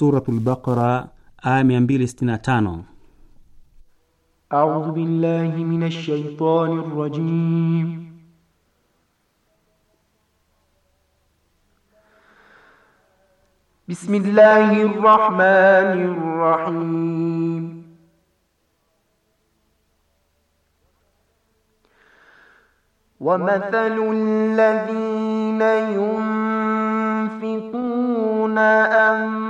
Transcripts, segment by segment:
Suratul Baqara aya 265. A'udhu billahi minash shaitani rrajim. بسم الله الرحمن الرحيم ومثل الذين ينفقون أنفسهم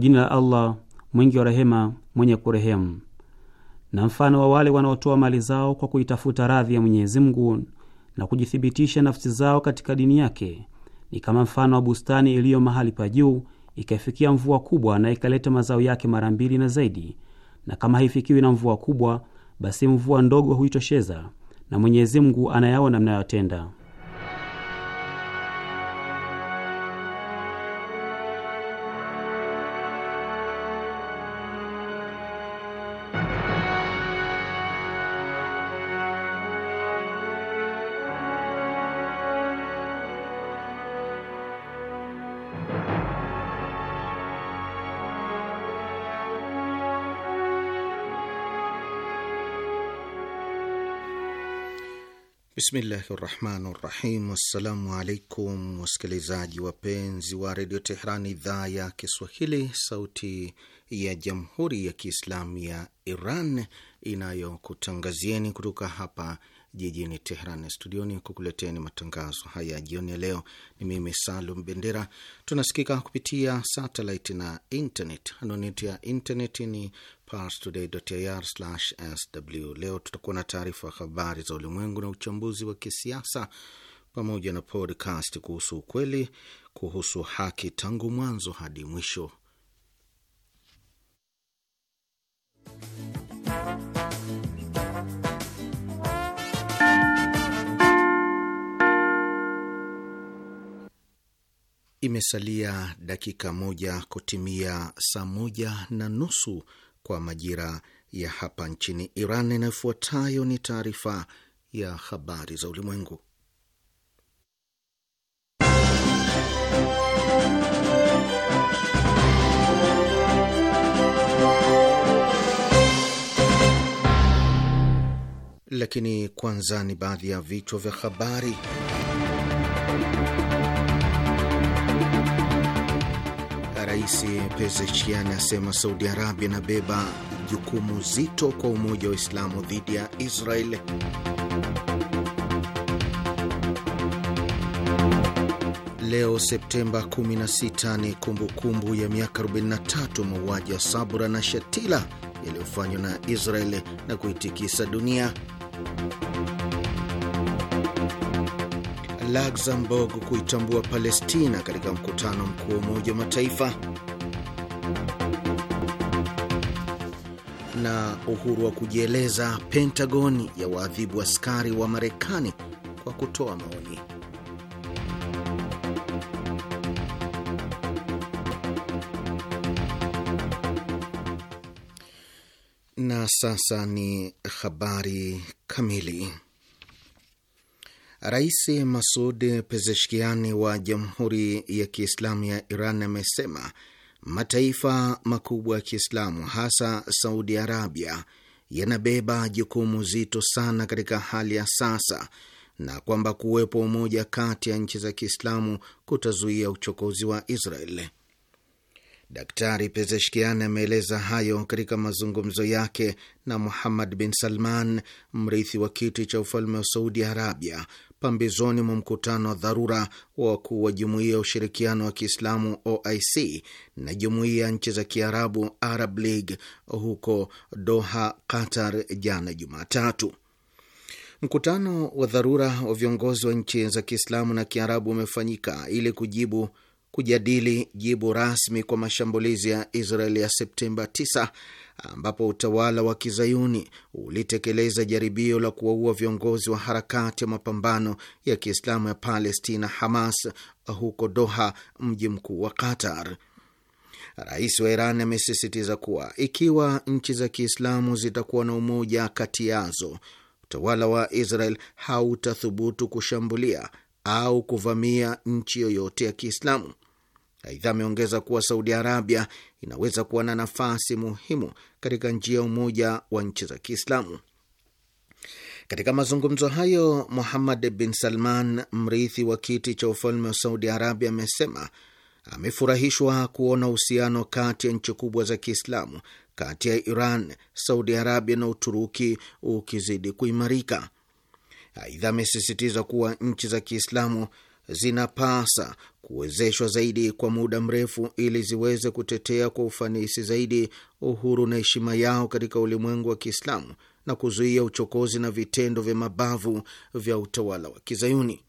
jina la Allah mwingi wa rehema, mwenye kurehemu. Na mfano wa wale wanaotoa mali zao kwa kuitafuta radhi ya Mwenyezi Mungu na kujithibitisha nafsi zao katika dini yake ni kama mfano wa bustani iliyo mahali pa juu, ikaifikia mvua kubwa na ikaleta mazao yake mara mbili na zaidi. Na kama haifikiwi na mvua kubwa, basi mvua ndogo huitosheza, na Mwenyezi Mungu anayaona mnayotenda. Bismillahi rahmani rahim. Assalamu alaikum wasikilizaji wapenzi wa redio Tehran, idhaa ya Kiswahili, sauti ya jamhuri ya Kiislamu ya Iran inayokutangazieni kutoka hapa jijini Tehran. Studioni kukuleteni matangazo haya jioni ya leo ni mimi Salum Bendera. Tunasikika kupitia satellite na internet. Anwani ya internet ni parstoday.ir/sw. Leo tutakuwa na taarifa ya habari za ulimwengu na uchambuzi wa kisiasa pamoja na podcast kuhusu ukweli kuhusu haki tangu mwanzo hadi mwisho. Imesalia dakika moja kutimia saa moja na nusu kwa majira ya hapa nchini Iran. Inayofuatayo ni taarifa ya habari za ulimwengu, lakini kwanza ni baadhi ya vichwa vya habari. Rais Pezeshkian asema Saudi Arabia inabeba jukumu zito kwa umoja wa Islamu dhidi ya Israel. Leo Septemba 16 ni kumbukumbu kumbu ya miaka 43 mauaji ya Sabra na Shatila yaliyofanywa na Israel na kuitikisa dunia. Luxembourg kuitambua Palestina katika mkutano mkuu wa Umoja wa Mataifa, na uhuru wa kujieleza, Pentagon ya waadhibu askari wa Marekani kwa kutoa maoni. Na sasa ni habari kamili. Rais Masud Pezeshkiani wa Jamhuri ya Kiislamu ya Iran amesema mataifa makubwa ya Kiislamu hasa Saudi Arabia yanabeba jukumu zito sana katika hali ya sasa na kwamba kuwepo umoja kati ya nchi za Kiislamu kutazuia uchokozi wa Israel. Daktari Pezeshkian ameeleza hayo katika mazungumzo yake na Muhammad bin Salman, mrithi wa kiti cha ufalme wa Saudi Arabia, pambizoni mwa mkutano wa dharura wa wakuu wa jumuiya ya ushirikiano wa Kiislamu OIC na jumuiya ya nchi za Kiarabu Arab League huko Doha, Qatar jana Jumatatu. Mkutano wa dharura wa viongozi wa nchi za Kiislamu na Kiarabu umefanyika ili kujibu kujadili jibu rasmi kwa mashambulizi ya Israel ya Septemba 9 ambapo utawala wa kizayuni ulitekeleza jaribio la kuwaua viongozi wa harakati ya mapambano ya Kiislamu ya Palestina, Hamas, huko Doha, mji mkuu wa Qatar. Rais wa Iran amesisitiza kuwa ikiwa nchi za Kiislamu zitakuwa na umoja kati yazo, utawala wa Israel hautathubutu kushambulia au kuvamia nchi yoyote ya Kiislamu. Aidha, ameongeza kuwa Saudi Arabia inaweza kuwa na nafasi muhimu katika njia ya umoja wa nchi za Kiislamu. Katika mazungumzo hayo, Muhammad bin Salman, mrithi wa kiti cha ufalme wa Saudi Arabia, amesema amefurahishwa kuona uhusiano kati ya nchi kubwa za Kiislamu, kati ya Iran, Saudi Arabia na Uturuki ukizidi kuimarika. Aidha, amesisitiza kuwa nchi za Kiislamu zinapasa kuwezeshwa zaidi kwa muda mrefu ili ziweze kutetea kwa ufanisi zaidi uhuru na heshima yao katika ulimwengu wa Kiislamu na kuzuia uchokozi na vitendo vya mabavu vya utawala wa Kizayuni.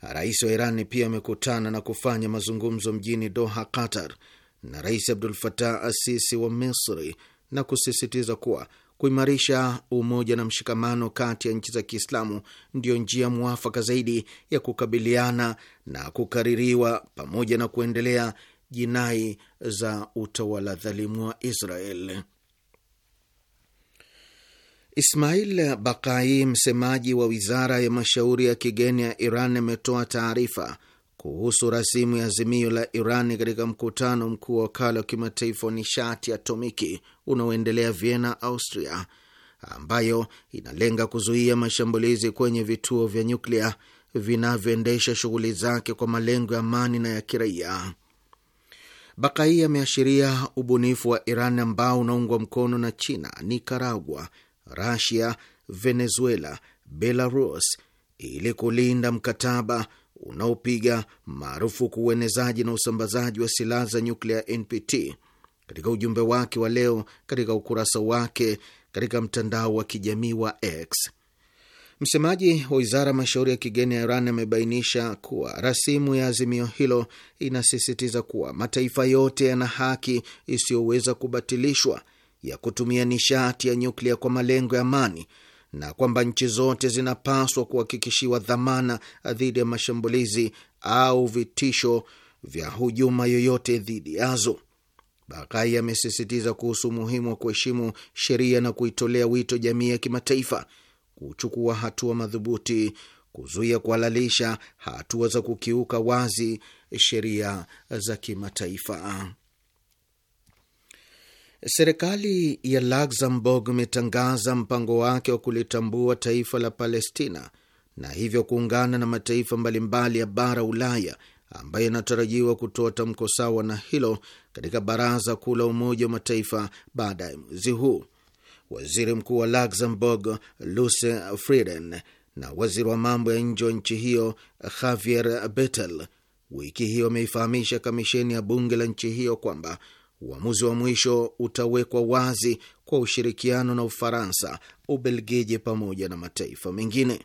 Rais wa Irani pia amekutana na kufanya mazungumzo mjini Doha, Qatar, na Rais Abdul Fatah Asisi wa Misri na kusisitiza kuwa Kuimarisha umoja na mshikamano kati ya nchi za Kiislamu ndiyo njia mwafaka zaidi ya kukabiliana na kukaririwa pamoja na kuendelea jinai za utawala dhalimu wa Israel. Ismail Bakai, msemaji wa wizara ya mashauri ya kigeni ya Iran, ametoa taarifa kuhusu rasimu ya azimio la Irani katika mkutano mkuu wa wakala wa kimataifa wa nishati atomiki unaoendelea Vienna, Austria, ambayo inalenga kuzuia mashambulizi kwenye vituo vya nyuklia vinavyoendesha shughuli zake kwa malengo ya amani na ya kiraia. Bakai ameashiria ubunifu wa Iran ambao unaungwa mkono na China, nikaragua rasia Venezuela, Belarus ili kulinda mkataba unaopiga marufuku uenezaji na usambazaji wa silaha za nyuklia NPT. Katika ujumbe wake wa leo katika ukurasa wake katika mtandao wa kijamii wa X, msemaji wa wizara ya mashauri ya kigeni ya Iran amebainisha kuwa rasimu ya azimio hilo inasisitiza kuwa mataifa yote yana haki isiyoweza kubatilishwa ya kutumia nishati ya nyuklia kwa malengo ya amani na kwamba nchi zote zinapaswa kuhakikishiwa dhamana dhidi ya mashambulizi au vitisho vya hujuma yoyote dhidi yazo. Bakai amesisitiza kuhusu umuhimu wa kuheshimu sheria na kuitolea wito jamii ya kimataifa kuchukua hatua madhubuti kuzuia kuhalalisha hatua za kukiuka wazi sheria za kimataifa. Serikali ya Luxembourg imetangaza mpango wake wa kulitambua taifa la Palestina na hivyo kuungana na mataifa mbalimbali ya bara Ulaya ambayo inatarajiwa kutoa tamko sawa na hilo katika Baraza Kuu la Umoja wa Mataifa baada ya mwezi huu. Waziri Mkuu wa Luxembourg Luce Frieden na waziri wa mambo ya nje wa nchi hiyo Javier Bettel wiki hiyo wameifahamisha kamisheni ya bunge la nchi hiyo kwamba Uamuzi wa mwisho utawekwa wazi kwa ushirikiano na Ufaransa, Ubelgiji pamoja na mataifa mengine.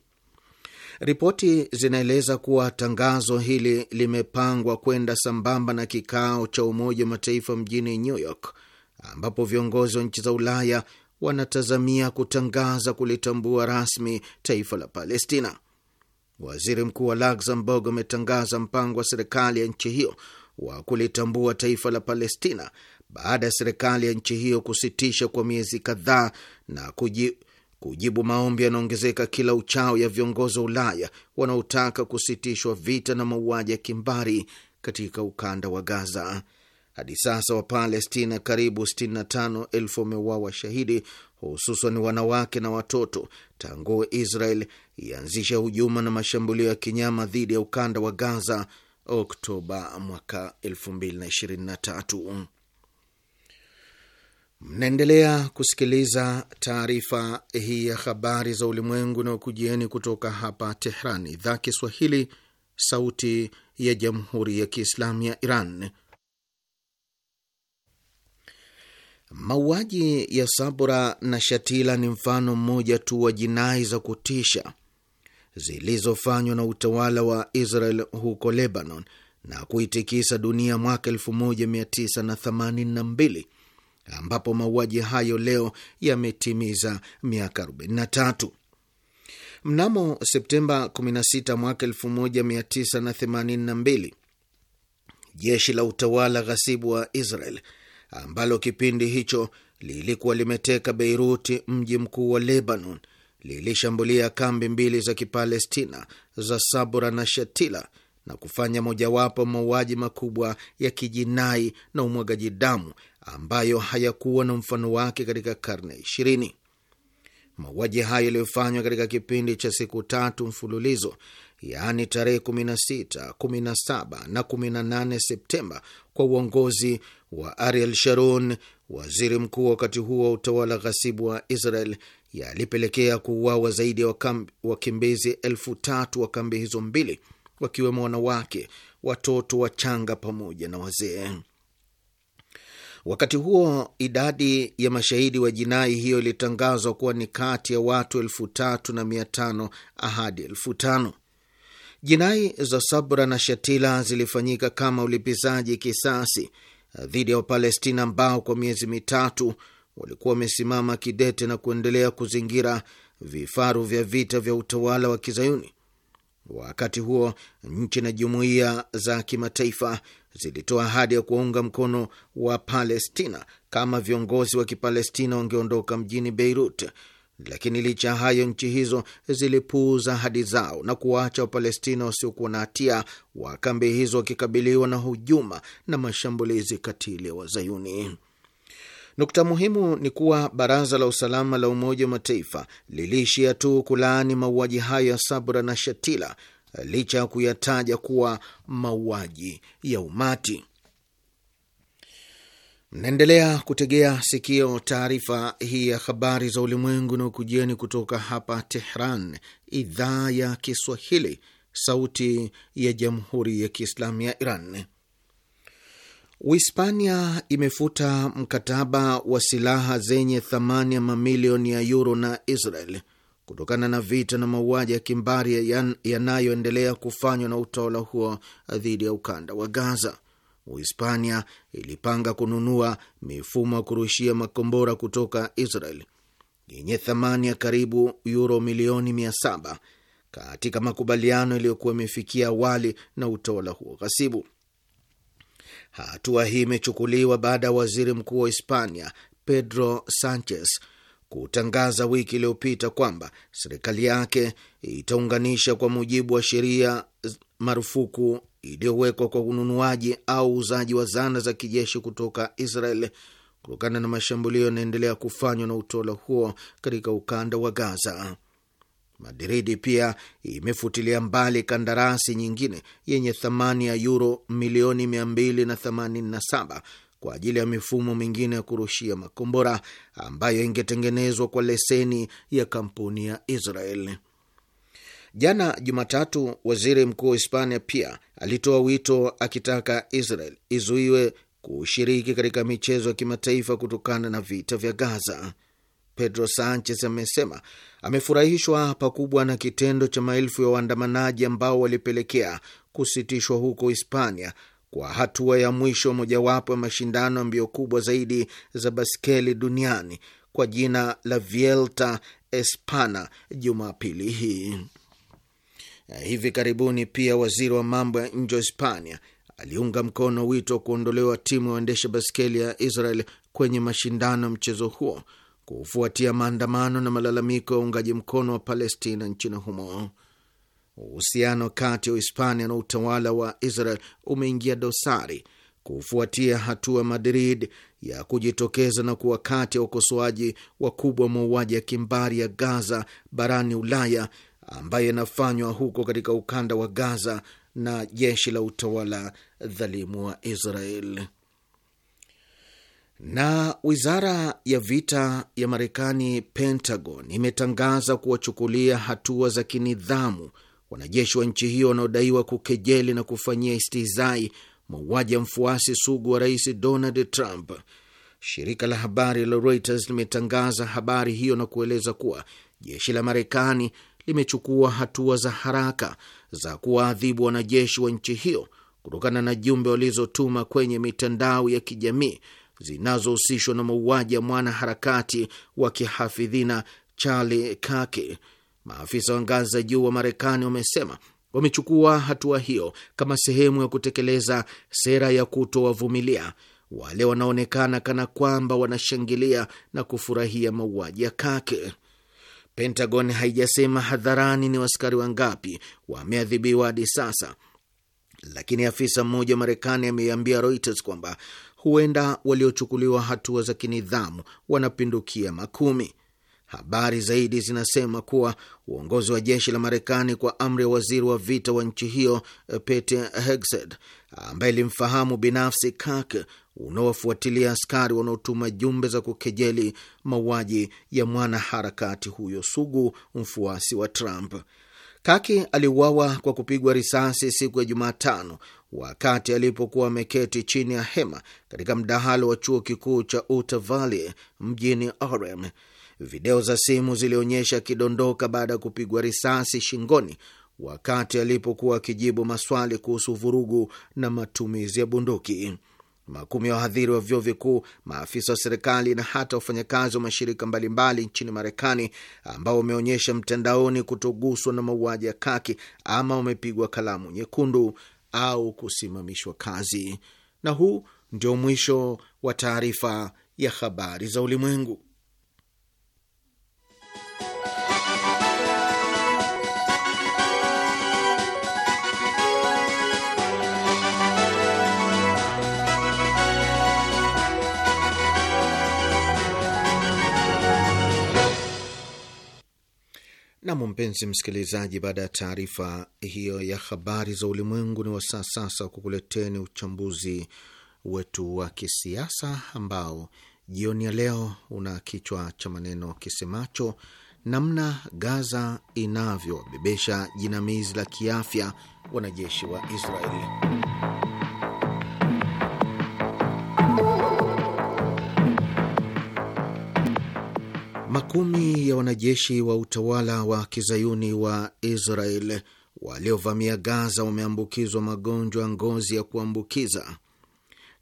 Ripoti zinaeleza kuwa tangazo hili limepangwa kwenda sambamba na kikao cha Umoja wa Mataifa mjini New York, ambapo viongozi wa nchi za Ulaya wanatazamia kutangaza kulitambua rasmi taifa la Palestina. Waziri Mkuu wa Luxembourg ametangaza mpango wa serikali ya nchi hiyo wa kulitambua taifa la Palestina baada ya serikali ya nchi hiyo kusitisha kwa miezi kadhaa na kuji, kujibu maombi yanaongezeka kila uchao ya viongozi wa Ulaya wanaotaka kusitishwa vita na mauaji ya kimbari katika ukanda wa Gaza. Hadi sasa Wapalestina karibu 65,000 wameuawa shahidi, hususan wanawake na watoto, tangu Israel ianzisha hujuma na mashambulio ya kinyama dhidi ya ukanda wa Gaza Oktoba mwaka 2023. Mnaendelea kusikiliza taarifa hii ya habari za ulimwengu na ukujieni kutoka hapa Tehran, idhaa Kiswahili, sauti ya jamhuri ya kiislamu ya Iran. Mauaji ya Sabra na Shatila ni mfano mmoja tu wa jinai za kutisha zilizofanywa na utawala wa Israel huko Lebanon na kuitikisa dunia mwaka 1982 ambapo mauaji hayo leo yametimiza miaka 43. Mnamo Septemba 16 mwaka 1982 jeshi la utawala ghasibu wa Israel ambalo kipindi hicho lilikuwa limeteka Beiruti, mji mkuu wa Lebanon, lilishambulia kambi mbili za Kipalestina za Sabra na Shatila na kufanya mojawapo mauaji makubwa ya kijinai na umwagaji damu ambayo hayakuwa na mfano wake katika karne ishirini. Mauaji hayo yaliyofanywa katika kipindi cha siku tatu mfululizo, yaani tarehe 16, 17 na 18 Septemba, kwa uongozi wa Ariel Sharon, waziri mkuu wakati huo wa utawala ghasibu wa Israel, yalipelekea kuuawa zaidi ya wakimbizi elfu tatu wa kambi hizo mbili, wakiwemo wanawake, watoto wachanga pamoja na wazee. Wakati huo idadi ya mashahidi wa jinai hiyo ilitangazwa kuwa ni kati ya watu elfu tatu na mia tano hadi elfu tano. Jinai za Sabra na Shatila zilifanyika kama ulipizaji kisasi dhidi ya Wapalestina ambao kwa miezi mitatu walikuwa wamesimama kidete na kuendelea kuzingira vifaru vya vita vya utawala wa Kizayuni. Wakati huo nchi na jumuiya za kimataifa zilitoa ahadi ya kuwaunga mkono wa Palestina kama viongozi wa Kipalestina wangeondoka mjini Beirut, lakini licha ya hayo nchi hizo zilipuuza ahadi zao na kuwaacha Wapalestina wasiokuwa na hatia wa kambi hizo wakikabiliwa na hujuma na mashambulizi katili ya Wazayuni. Nukta muhimu ni kuwa Baraza la Usalama la Umoja wa Mataifa liliishia tu kulaani mauaji hayo ya Sabra na Shatila licha ya kuyataja kuwa mauaji ya umati. Mnaendelea kutegea sikio taarifa hii ya habari za ulimwengu na ukujieni kutoka hapa Tehran, idhaa ya Kiswahili, sauti ya jamhuri ya kiislamu ya Iran. Uhispania imefuta mkataba wa silaha zenye thamani ya mamilioni ya yuro na Israel kutokana na vita na mauaji ya kimbari yanayoendelea kufanywa na utawala huo dhidi ya ukanda wa Gaza. Uhispania ilipanga kununua mifumo ya kurushia makombora kutoka Israel yenye thamani ya karibu yuro milioni mia saba katika makubaliano yaliyokuwa imefikia awali na utawala huo ghasibu. Hatua hii imechukuliwa baada ya waziri mkuu wa Hispania Pedro Sanchez kutangaza wiki iliyopita kwamba serikali yake itaunganisha kwa mujibu wa sheria marufuku iliyowekwa kwa ununuaji au uuzaji wa zana za kijeshi kutoka Israel kutokana na mashambulio yanaendelea kufanywa na utawala huo katika ukanda wa Gaza. Madridi pia imefutilia mbali kandarasi nyingine yenye thamani ya yuro milioni 287 kwa ajili ya mifumo mingine ya kurushia makombora ambayo ingetengenezwa kwa leseni ya kampuni ya Israel. Jana Jumatatu, waziri mkuu wa Hispania pia alitoa wito akitaka Israel izuiwe kushiriki katika michezo ya kimataifa kutokana na vita vya Gaza. Pedro Sanchez amesema amefurahishwa pakubwa na kitendo cha maelfu ya waandamanaji ambao walipelekea kusitishwa huko Hispania kwa hatua ya mwisho mojawapo ya mashindano ya mbio kubwa zaidi za baskeli duniani kwa jina la vielta Espana Jumapili hii. Hivi karibuni pia waziri wa mambo ya nje wa Hispania aliunga mkono wito wa kuondolewa timu ya waendesha baskeli ya Israel kwenye mashindano ya mchezo huo kufuatia maandamano na malalamiko ya uungaji mkono wa Palestina nchini humo. Uhusiano kati ya Uhispania na utawala wa Israel umeingia dosari kufuatia hatua ya Madrid ya kujitokeza na kuwa kati ya ukosoaji wakubwa wa mauaji ya kimbari ya Gaza barani Ulaya ambayo inafanywa huko katika ukanda wa Gaza na jeshi la utawala dhalimu wa Israel. Na wizara ya vita ya Marekani, Pentagon, imetangaza kuwachukulia hatua za kinidhamu wanajeshi wa nchi hiyo wanaodaiwa kukejeli na kufanyia istizai mauaji ya mfuasi sugu wa rais Donald Trump. Shirika la habari la Reuters limetangaza habari hiyo na kueleza kuwa jeshi la Marekani limechukua hatua za haraka za kuwaadhibu wanajeshi wa nchi hiyo kutokana na jumbe walizotuma kwenye mitandao ya kijamii zinazohusishwa na mauaji ya mwanaharakati wa kihafidhina Charlie kake Maafisa wa ngazi za juu wa Marekani wamesema wamechukua hatua hiyo kama sehemu ya kutekeleza sera ya kutowavumilia wale wanaonekana kana kwamba wanashangilia na kufurahia mauaji ya Kake. Pentagon haijasema hadharani ni waskari wangapi wameadhibiwa hadi sasa, lakini afisa mmoja wa Marekani ameiambia Reuters kwamba huenda waliochukuliwa hatua za kinidhamu wanapindukia makumi. Habari zaidi zinasema kuwa uongozi wa jeshi la Marekani kwa amri ya waziri wa vita wa nchi hiyo eh, Pete Hegseth, ambaye ilimfahamu binafsi Kake, unaowafuatilia askari wanaotuma jumbe za kukejeli mauaji ya mwanaharakati huyo sugu mfuasi wa Trump. Kaki aliuawa kwa kupigwa risasi siku ya Jumatano wakati alipokuwa ameketi chini ya hema katika mdahalo wa chuo kikuu cha Uta Valley mjini Orem. Video za simu zilionyesha akidondoka baada ya kupigwa risasi shingoni wakati alipokuwa akijibu maswali kuhusu vurugu na matumizi ya bunduki. Makumi ya wahadhiri wa vyuo vikuu, maafisa wa serikali na hata wafanyakazi wa mashirika mbalimbali nchini Marekani ambao wameonyesha mtandaoni kutoguswa na mauaji ya Kaki ama wamepigwa kalamu nyekundu au kusimamishwa kazi. Na huu ndio mwisho wa taarifa ya habari za ulimwengu. Nam, mpenzi msikilizaji, baada ya taarifa hiyo ya habari za ulimwengu, ni wasaa sasa kukuleteni uchambuzi wetu wa kisiasa ambao jioni ya leo una kichwa cha maneno kisemacho namna Gaza inavyobebesha jinamizi la kiafya wanajeshi wa Israeli. Makumi ya wanajeshi wa utawala wa kizayuni wa Israel waliovamia Gaza wameambukizwa magonjwa ngozi ya kuambukiza.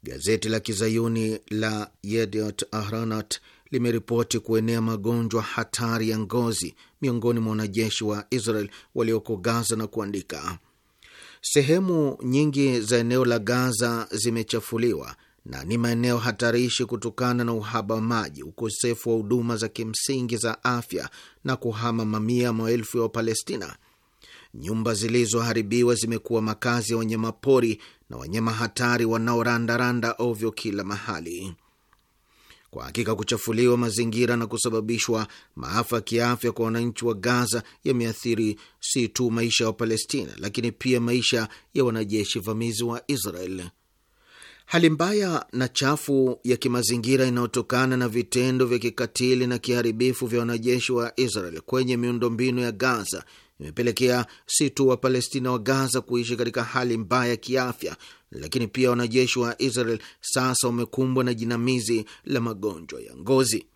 Gazeti la kizayuni la Yediot Ahronot limeripoti kuenea magonjwa hatari ya ngozi miongoni mwa wanajeshi wa Israel walioko Gaza na kuandika, sehemu nyingi za eneo la Gaza zimechafuliwa na ni maeneo hatarishi kutokana na uhaba wa maji, ukosefu wa huduma za kimsingi za afya na kuhama mamia maelfu ya Wapalestina. Nyumba zilizoharibiwa zimekuwa makazi ya wanyama pori na wanyama hatari wanaorandaranda ovyo kila mahali. Kwa hakika kuchafuliwa mazingira na kusababishwa maafa ya kiafya kwa wananchi wa Gaza yameathiri si tu maisha ya Wapalestina, lakini pia maisha ya wanajeshi vamizi wa Israel. Hali mbaya na chafu ya kimazingira inayotokana na vitendo vya kikatili na kiharibifu vya wanajeshi wa Israel kwenye miundombinu ya Gaza imepelekea si tu Wapalestina wa Gaza kuishi katika hali mbaya ya kiafya, lakini pia wanajeshi wa Israel sasa wamekumbwa na jinamizi la magonjwa ya ngozi.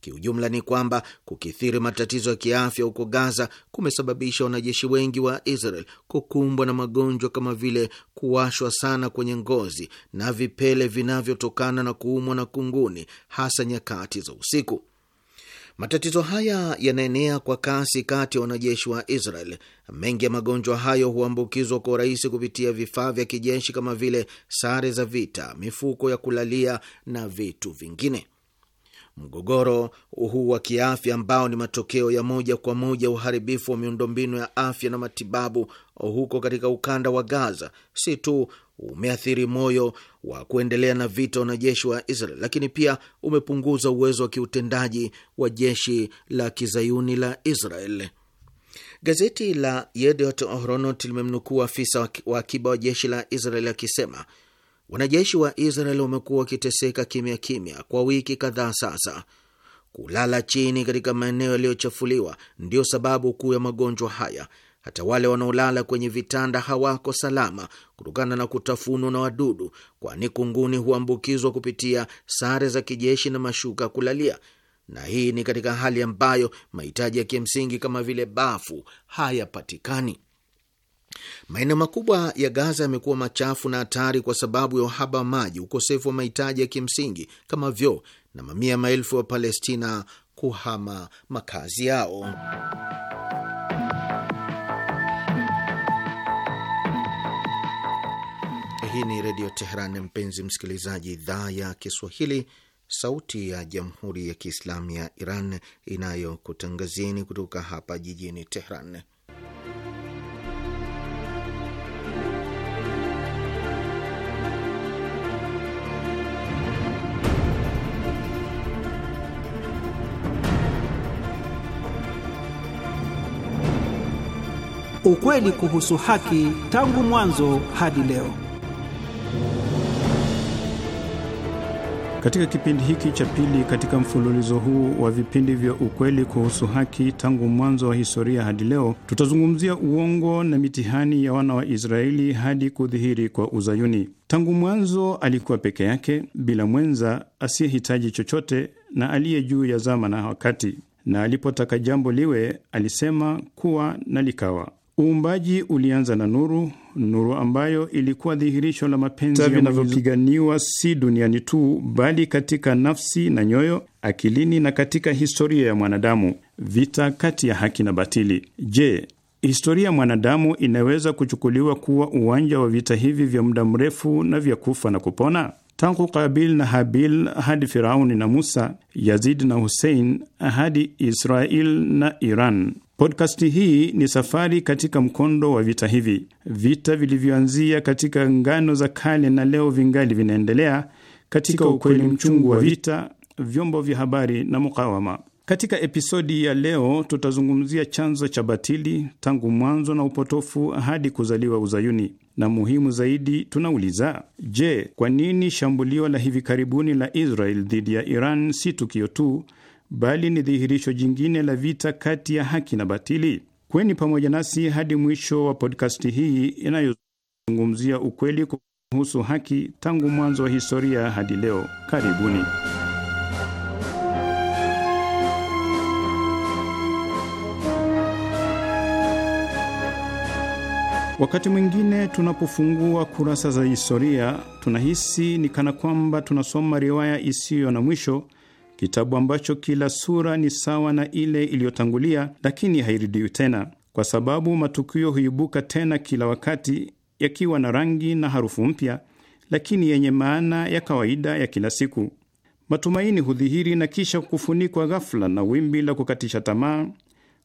Kiujumla ni kwamba kukithiri matatizo ya kiafya huko Gaza kumesababisha wanajeshi wengi wa Israel kukumbwa na magonjwa kama vile kuwashwa sana kwenye ngozi na vipele vinavyotokana na kuumwa na kunguni, hasa nyakati za usiku. Matatizo haya yanaenea kwa kasi kati ya wanajeshi wa Israel. Mengi ya magonjwa hayo huambukizwa kwa urahisi kupitia vifaa vya kijeshi kama vile sare za vita, mifuko ya kulalia na vitu vingine. Mgogoro huu wa kiafya ambao ni matokeo ya moja kwa moja uharibifu wa miundombinu ya afya na matibabu huko katika ukanda wa Gaza si tu umeathiri moyo wa kuendelea na vita wanajeshi wa Israel, lakini pia umepunguza uwezo wa kiutendaji wa jeshi la kizayuni la Israel. Gazeti la Yediot Ahronot limemnukuu afisa wa akiba wa jeshi la Israel akisema Wanajeshi wa Israel wamekuwa wakiteseka kimya kimya kwa wiki kadhaa sasa. Kulala chini katika maeneo yaliyochafuliwa ndiyo sababu kuu ya magonjwa haya. Hata wale wanaolala kwenye vitanda hawako salama kutokana na kutafunwa na wadudu, kwani kunguni huambukizwa kupitia sare za kijeshi na mashuka ya kulalia, na hii ni katika hali ambayo mahitaji ya kimsingi kama vile bafu hayapatikani. Maeneo makubwa ya Gaza yamekuwa machafu na hatari kwa sababu ya uhaba wa maji, ukosefu wa mahitaji ya kimsingi kama vyoo, na mamia maelfu ya Palestina kuhama makazi yao. Hii ni Redio Teheran, mpenzi msikilizaji, idhaa ya Kiswahili, sauti ya Jamhuri ya Kiislamu ya Iran inayokutangazieni kutoka hapa jijini Teheran. ukweli kuhusu haki tangu mwanzo hadi leo. Katika kipindi hiki cha pili katika mfululizo huu wa vipindi vya ukweli kuhusu haki tangu mwanzo wa historia hadi leo, tutazungumzia uongo na mitihani ya wana wa Israeli hadi kudhihiri kwa Uzayuni. Tangu mwanzo alikuwa peke yake bila mwenza, asiyehitaji chochote na aliye juu ya zama na wakati, na alipotaka jambo liwe, alisema kuwa na likawa. Uumbaji ulianza na nuru, nuru ambayo ilikuwa dhihirisho la mapenzi vinavyopiganiwa si duniani tu, bali katika nafsi na nyoyo, akilini na katika historia ya mwanadamu, vita kati ya haki na batili. Je, historia ya mwanadamu inaweza kuchukuliwa kuwa uwanja wa vita hivi vya muda mrefu na vya kufa na kupona? Tangu Kabil na Habil hadi Firauni na Musa, Yazidi na Husein hadi Israel na Iran, Podkasti hii ni safari katika mkondo wa vita hivi, vita vilivyoanzia katika ngano za kale na leo vingali vinaendelea katika ukweli mchungu wa vita, vyombo vya habari na mukawama. Katika episodi ya leo tutazungumzia chanzo cha batili tangu mwanzo na upotofu hadi kuzaliwa Uzayuni, na muhimu zaidi, tunauliza je, kwa nini shambulio la hivi karibuni la Israel dhidi ya Iran si tukio tu, bali ni dhihirisho jingine la vita kati ya haki na batili. Kweni pamoja nasi hadi mwisho wa podkasti hii inayozungumzia ukweli kuhusu haki tangu mwanzo wa historia hadi leo. Karibuni. Wakati mwingine tunapofungua kurasa za historia tunahisi ni kana kwamba tunasoma riwaya isiyo na mwisho kitabu ambacho kila sura ni sawa na ile iliyotangulia, lakini hairudiwi tena, kwa sababu matukio huibuka tena kila wakati yakiwa na rangi na harufu mpya, lakini yenye maana ya kawaida ya kila siku. Matumaini hudhihiri na kisha kufunikwa ghafla na wimbi la kukatisha tamaa.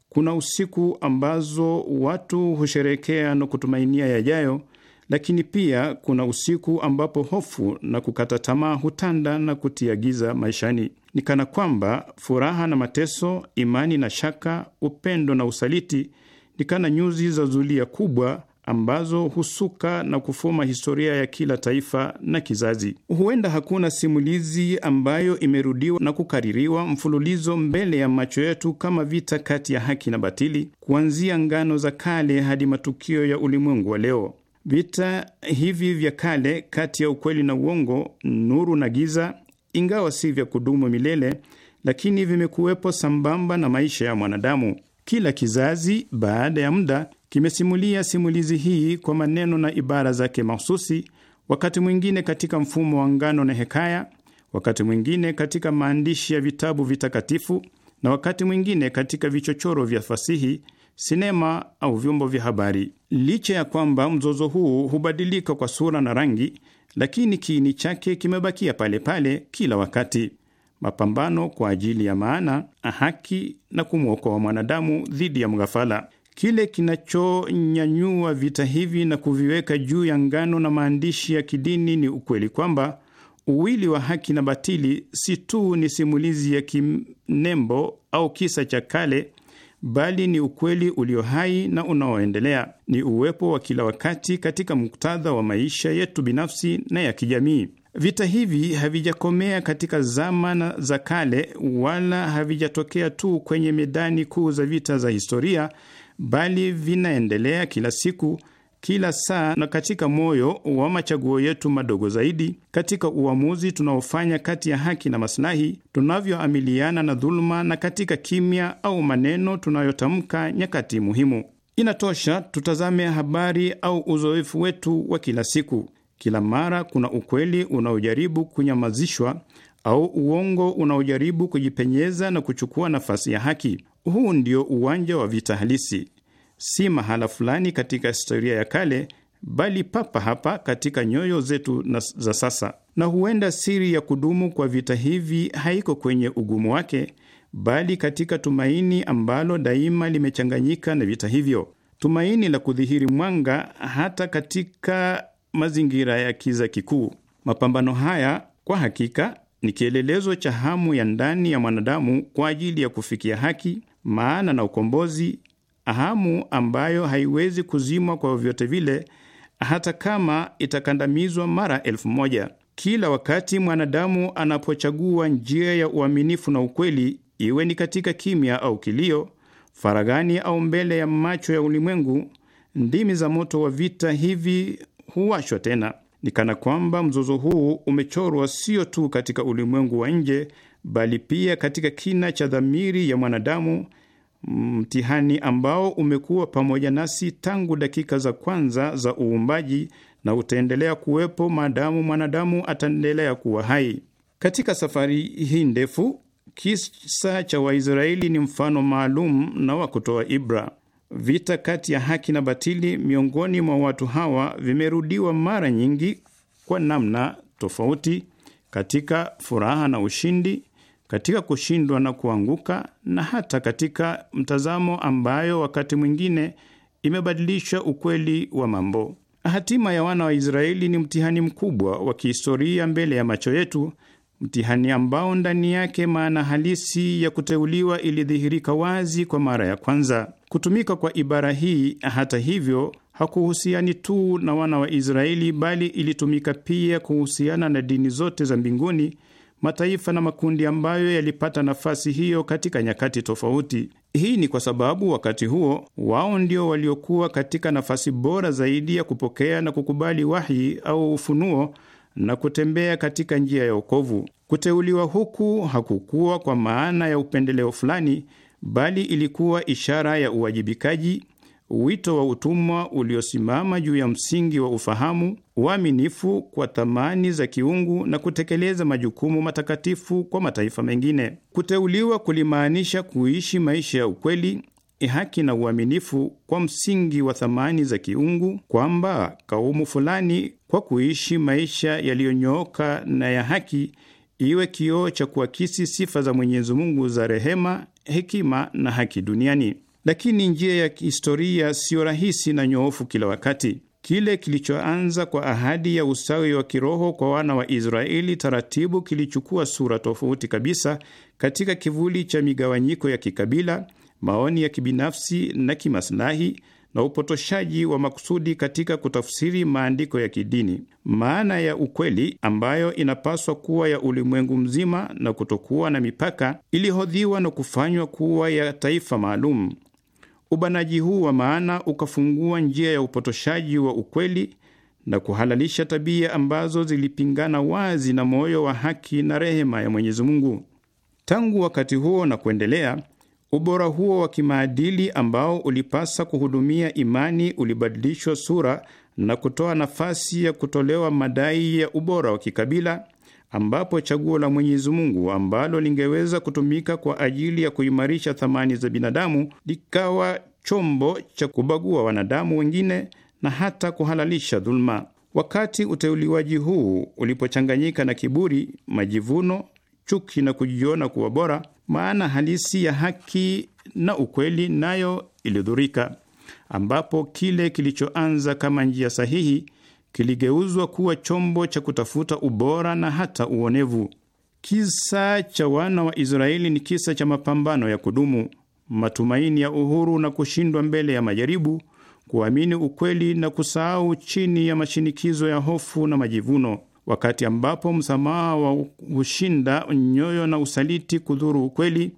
Kuna usiku ambazo watu husherekea na kutumainia yajayo, lakini pia kuna usiku ambapo hofu na kukata tamaa hutanda na kutia giza maishani. Ni kana kwamba furaha na mateso, imani na shaka, upendo na usaliti ni kana nyuzi za zulia kubwa ambazo husuka na kufuma historia ya kila taifa na kizazi. Huenda hakuna simulizi ambayo imerudiwa na kukaririwa mfululizo mbele ya macho yetu kama vita kati ya haki na batili, kuanzia ngano za kale hadi matukio ya ulimwengu wa leo. Vita hivi vya kale kati ya ukweli na uongo, nuru na giza, ingawa si vya kudumu milele, lakini vimekuwepo sambamba na maisha ya mwanadamu. Kila kizazi baada ya muda kimesimulia simulizi hii kwa maneno na ibara zake mahususi, wakati mwingine katika mfumo wa ngano na hekaya, wakati mwingine katika maandishi ya vitabu vitakatifu, na wakati mwingine katika vichochoro vya fasihi sinema au vyombo vya habari. Licha ya kwamba mzozo huu hubadilika kwa sura na rangi, lakini kiini chake kimebakia pale pale kila wakati: mapambano kwa ajili ya maana, haki na kumwokoa mwanadamu dhidi ya mghafala. Kile kinachonyanyua vita hivi na kuviweka juu ya ngano na maandishi ya kidini ni ukweli kwamba uwili wa haki na batili si tu ni simulizi ya kinembo au kisa cha kale bali ni ukweli ulio hai na unaoendelea. Ni uwepo wa kila wakati katika muktadha wa maisha yetu binafsi na ya kijamii. Vita hivi havijakomea katika zama za kale wala havijatokea tu kwenye medani kuu za vita za historia, bali vinaendelea kila siku kila saa na katika moyo wa machaguo yetu madogo zaidi, katika uamuzi tunaofanya kati ya haki na masilahi, tunavyoamiliana na dhuluma, na katika kimya au maneno tunayotamka nyakati muhimu. Inatosha tutazame habari au uzoefu wetu wa kila siku. Kila mara kuna ukweli unaojaribu kunyamazishwa au uongo unaojaribu kujipenyeza na kuchukua nafasi ya haki. Huu ndio uwanja wa vita halisi si mahala fulani katika historia ya kale, bali papa hapa katika nyoyo zetu na za sasa. Na huenda siri ya kudumu kwa vita hivi haiko kwenye ugumu wake, bali katika tumaini ambalo daima limechanganyika na vita hivyo, tumaini la kudhihiri mwanga hata katika mazingira ya kiza kikuu. Mapambano haya kwa hakika ni kielelezo cha hamu ya ndani ya mwanadamu kwa ajili ya kufikia haki, maana na ukombozi hamu ambayo haiwezi kuzimwa kwa vyovyote vile, hata kama itakandamizwa mara elfu moja. Kila wakati mwanadamu anapochagua njia ya uaminifu na ukweli, iwe ni katika kimya au kilio, faraghani au mbele ya macho ya ulimwengu, ndimi za moto wa vita hivi huwashwa tena. Ni kana kwamba mzozo huu umechorwa sio tu katika ulimwengu wa nje, bali pia katika kina cha dhamiri ya mwanadamu mtihani ambao umekuwa pamoja nasi tangu dakika za kwanza za uumbaji na utaendelea kuwepo maadamu mwanadamu ataendelea kuwa hai. Katika safari hii ndefu, kisa cha Waisraeli ni mfano maalum na wa kutoa ibra. Vita kati ya haki na batili miongoni mwa watu hawa vimerudiwa mara nyingi kwa namna tofauti, katika furaha na ushindi, katika kushindwa na kuanguka, na hata katika mtazamo ambayo wakati mwingine imebadilisha ukweli wa mambo. Hatima ya wana wa Israeli ni mtihani mkubwa wa kihistoria mbele ya macho yetu, mtihani ambao ndani yake maana halisi ya kuteuliwa ilidhihirika wazi kwa mara ya kwanza. Kutumika kwa ibara hii, hata hivyo, hakuhusiani tu na wana wa Israeli, bali ilitumika pia kuhusiana na dini zote za mbinguni mataifa na makundi ambayo yalipata nafasi hiyo katika nyakati tofauti. Hii ni kwa sababu wakati huo wao ndio waliokuwa katika nafasi bora zaidi ya kupokea na kukubali wahi au ufunuo na kutembea katika njia ya wokovu. Kuteuliwa huku hakukuwa kwa maana ya upendeleo fulani, bali ilikuwa ishara ya uwajibikaji, wito wa utumwa uliosimama juu ya msingi wa ufahamu uaminifu kwa thamani za kiungu na kutekeleza majukumu matakatifu kwa mataifa mengine. Kuteuliwa kulimaanisha kuishi maisha ya ukweli, haki na uaminifu kwa msingi wa thamani za kiungu, kwamba kaumu fulani kwa kuishi maisha yaliyonyooka na ya haki iwe kioo cha kuakisi sifa za Mwenyezi Mungu za rehema, hekima na haki duniani. Lakini njia ya kihistoria siyo rahisi na nyoofu kila wakati. Kile kilichoanza kwa ahadi ya ustawi wa kiroho kwa wana wa Israeli taratibu kilichukua sura tofauti kabisa katika kivuli cha migawanyiko ya kikabila, maoni ya kibinafsi na kimaslahi na upotoshaji wa makusudi katika kutafsiri maandiko ya kidini. Maana ya ukweli ambayo inapaswa kuwa ya ulimwengu mzima na kutokuwa na mipaka, ilihodhiwa na kufanywa kuwa ya taifa maalum. Ubanaji huu wa maana ukafungua njia ya upotoshaji wa ukweli na kuhalalisha tabia ambazo zilipingana wazi na moyo wa haki na rehema ya Mwenyezi Mungu. Tangu wakati huo na kuendelea, ubora huo wa kimaadili ambao ulipasa kuhudumia imani ulibadilishwa sura na kutoa nafasi ya kutolewa madai ya ubora wa kikabila ambapo chaguo la Mwenyezi Mungu ambalo lingeweza kutumika kwa ajili ya kuimarisha thamani za binadamu likawa chombo cha kubagua wanadamu wengine na hata kuhalalisha dhulma. Wakati uteuliwaji huu ulipochanganyika na kiburi, majivuno, chuki na kujiona kuwa bora, maana halisi ya haki na ukweli nayo ilidhurika, ambapo kile kilichoanza kama njia sahihi kiligeuzwa kuwa chombo cha kutafuta ubora na hata uonevu. Kisa cha wana wa Israeli ni kisa cha mapambano ya kudumu, matumaini ya uhuru na kushindwa mbele ya majaribu, kuamini ukweli na kusahau chini ya mashinikizo ya hofu na majivuno, wakati ambapo msamaha wa hushinda nyoyo na usaliti kudhuru ukweli,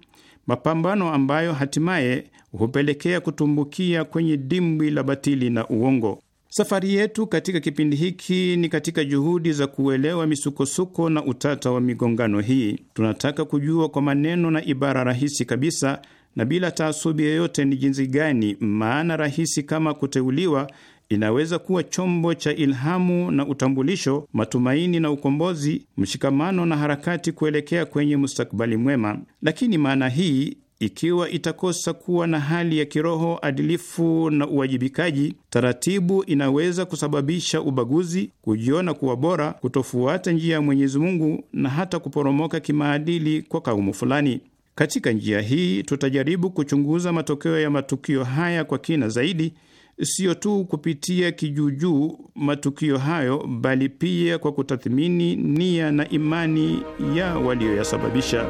mapambano ambayo hatimaye hupelekea kutumbukia kwenye dimbwi la batili na uongo. Safari yetu katika kipindi hiki ni katika juhudi za kuelewa misukosuko na utata wa migongano hii. Tunataka kujua kwa maneno na ibara rahisi kabisa na bila taasubi yoyote ni jinsi gani maana rahisi kama kuteuliwa inaweza kuwa chombo cha ilhamu na utambulisho, matumaini na ukombozi, mshikamano na harakati kuelekea kwenye mustakabali mwema. Lakini maana hii ikiwa itakosa kuwa na hali ya kiroho adilifu na uwajibikaji, taratibu inaweza kusababisha ubaguzi, kujiona kuwa bora, kutofuata njia ya Mwenyezi Mungu na hata kuporomoka kimaadili kwa kaumu fulani. Katika njia hii tutajaribu kuchunguza matokeo ya matukio haya kwa kina zaidi, siyo tu kupitia kijuujuu matukio hayo, bali pia kwa kutathmini nia na imani ya walioyasababisha.